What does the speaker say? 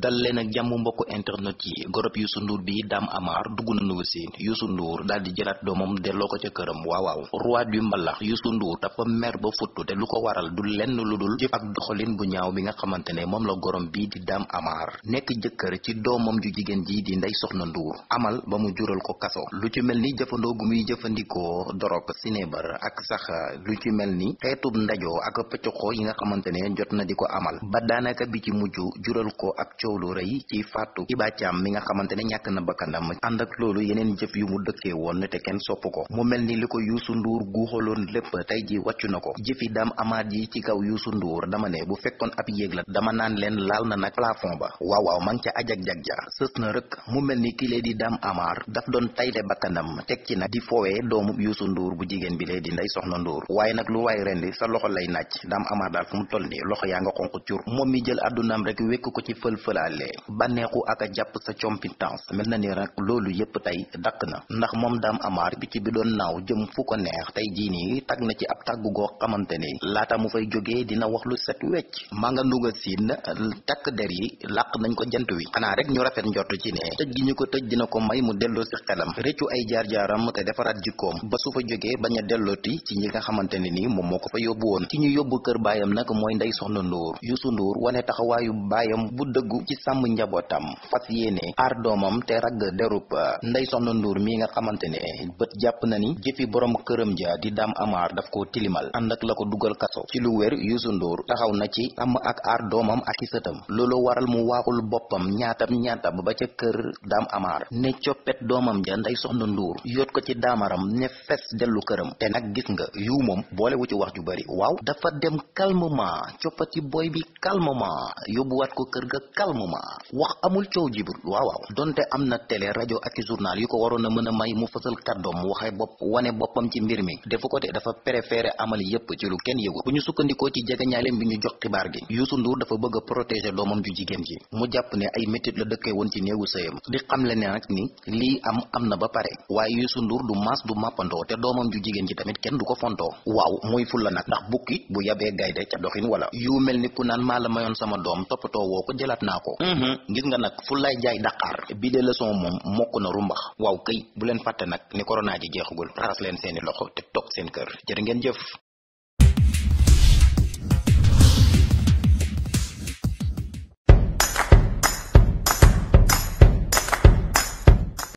dal leen ak jàmm mbokk internet yi gorob Youssou Ndour bi Dame Amar dugg na Nouveau Sène Youssou Ndour daal di jëlaat doomam delloo ko ca këram waaw waaw roi du mbalax Youssou Ndour dafa mer ba futtu te lu ko waral du lenn lu dul jëf ak doxalin bu ñaaw bi nga xamante ne moom la gorom bii di Dame Amar nekk jëkkër ci doomam ju jigéen ji di Ndeye Soxna Ndour amal ba mu jural ko kaso lu ci mel ni jëfandoo gu muy jëfandikoo dorog sinébar ak sax lu ci mel ni xeetub ndajoo ak pëccoxoo yi nga xamante ne jot na ko amal coow lu rëy ci faatu Hiba Thiam mi nga xamante ne ñàkk na bakkanam ànd ak loolu yeneen jëf yu mu dëkkee woon te kenn sopp ko mu mel ni li ko Youssou Ndour guuxaloon lépp tey ji wàccu na ko jëfi Dame Amady yi ci kaw Youssou Ndour dama ne bu fekkoon ab yéeg la dama naan leen laal na nag plafond ba waaw waaw ma ngi ca ajag-jag ja sës na rëkk mu mel ni ki kilée di Dame Amar daf doon tayle bakkanam teg ci nag di foowee doomu Youssou Ndour bu jigéen bi lee di Ndeye Soxna Ndour waaye nag lu waay rendi sa lay naaj Dame Amar laalee bànneexu ak a jàpp sa compétence mel na ni rek loolu yépp tey dakk na ndax moom daam amaar bi ci bi doon naaw jëm fu ko neex tey jii nii tag na ci ab tàgg goo xamante ni laata mu fay jógee dina wax lu set wecc maa nga nduga siin takk der yi làq nañ ko jant wi xanaa rek ñu rafet njort ci ne tëj gi ñu ko tëj dina ko may mu delloo si xelam réccu ay jaar-jaaram te defaraat jikkoom ba su fa jógee bañ a dellooti ci ñi nga xamante ne ni moom moo ko fa yóbbu woon ci ñu yóbbu kër baayam nag mooy ndey soxna Ndour Youssou Ndour ci sàmm njabootam fas yéene aar doomam te ragg derub nday soxna nduur mi nga xamante ne bët jàpp na ni jëfi borom këram ja di daam amaar daf ko tilimal ànd ak la ko dugal kaso ci lu wér Youssou Ndour taxaw na ci am ak aar doomam ak i sëtam loolu waral mu waaxul boppam ñaatam ñaatam ba ca kër dam amaar ne coppet doomam ja nday soxna nduur yoot ko ci daamaram ne fes dellu këram te nag gis nga yu moom boole wu ci wax ju bari waaw dafa dem calmement armement wax amul coow jibur waaw waaw donte am na télé rajo ak i journal yu ko waroon a mën a may mu fësal kàddoom waxe bopp wane boppam ci mbir mi defu ko te dafa préféré amal yépp ci lu kenn yëgul bu ñu sukkandikoo ci jegeñaaleem bi ñu jox xibaar gi Youssou Ndour dafa bëgg a protéger doomam ju jigéen ji la ne nag ni lii am am na ba pare waaye Youssou Ndour du mas du màppandoo te doomam ju jigéen ji tamit kenn du ko fontoo waaw muy fulla nag ndax bukki bu yabee gaynde ca doxin wala yu mel ni ku naan maa la mayoon sama doom toppatoo woo ko jëlaat hum mm-hmm. gis nga nag fu lay jaay Dakar bi de leçon moom mokk na rumbax waaw kay bu leen fàtte nag ni corona ji jeexagul raxas leen seeni loxo te toog seen kër jërë ngeen jëf